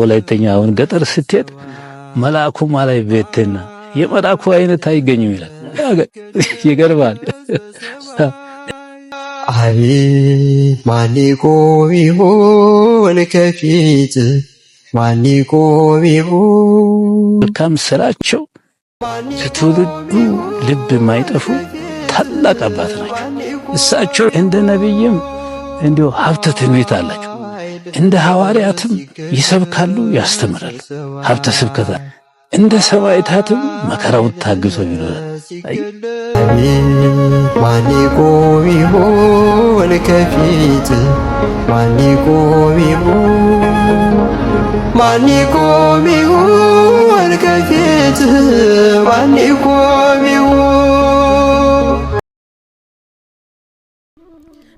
ወላይተኛ አሁን ገጠር ስትሄድ መልአኩ ማላይ ቤትና የመልአኩ አይነት አይገኝም ይላል። ይገርባል። አቤ ማን ቆም ይሆን ከፊት ማን ቆም መልካም ስራቸው ከትውልዱ ልብ የማይጠፉ ታላቅ አባት ናቸው። እሳቸው እንደ ነቢይም እንዲሁ ሀብተ ትንቢት አላቸው። እንደ ሐዋርያትም ይሰብካሉ፣ ያስተምራሉ። ሀብተ ስብከት እንደ ሰማዕታትም መከራውን ታግሶ ይኖራል። ማን ይቆም ይሆን ከፊት ማን ይቆም ይሆን ማን ይቆም ይሆን ከፊት ማን ይቆም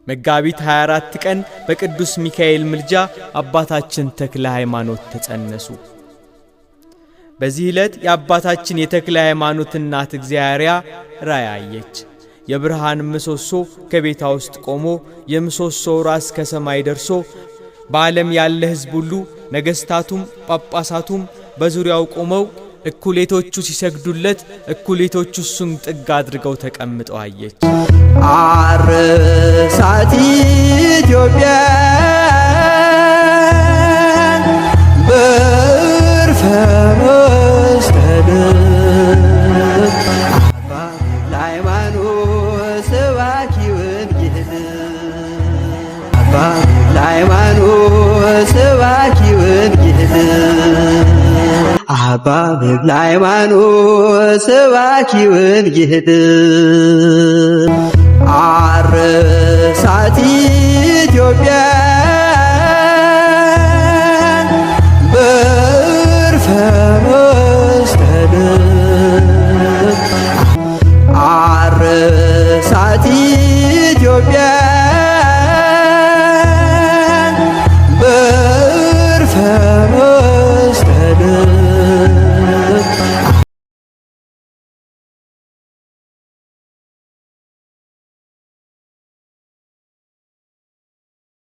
መጋቢት 24 ቀን በቅዱስ ሚካኤል ምልጃ አባታችን ተክለ ሃይማኖት ተጸነሱ። በዚህ ዕለት የአባታችን የተክለ ሃይማኖት እናት እግዚአርያ ራእይ አየች። የብርሃን ምሰሶ ከቤቷ ውስጥ ቆሞ የምሰሶው ራስ ከሰማይ ደርሶ በዓለም ያለ ሕዝብ ሁሉ ነገሥታቱም ጳጳሳቱም በዙሪያው ቆመው እኩሌቶቹ ሲሰግዱለት፣ እኩሌቶቹ እሱን ጥግ አድርገው ተቀምጠው አየች። አርሳት ኢትዮጵያን በእርፈ መስቀል ለሃይማኖት ስባኪ ወንጌል አባ በብለ ሃይማኖት ሰባኪ ወንጌል አርሳት ኢትዮጵያ በዕርፈ መስቀል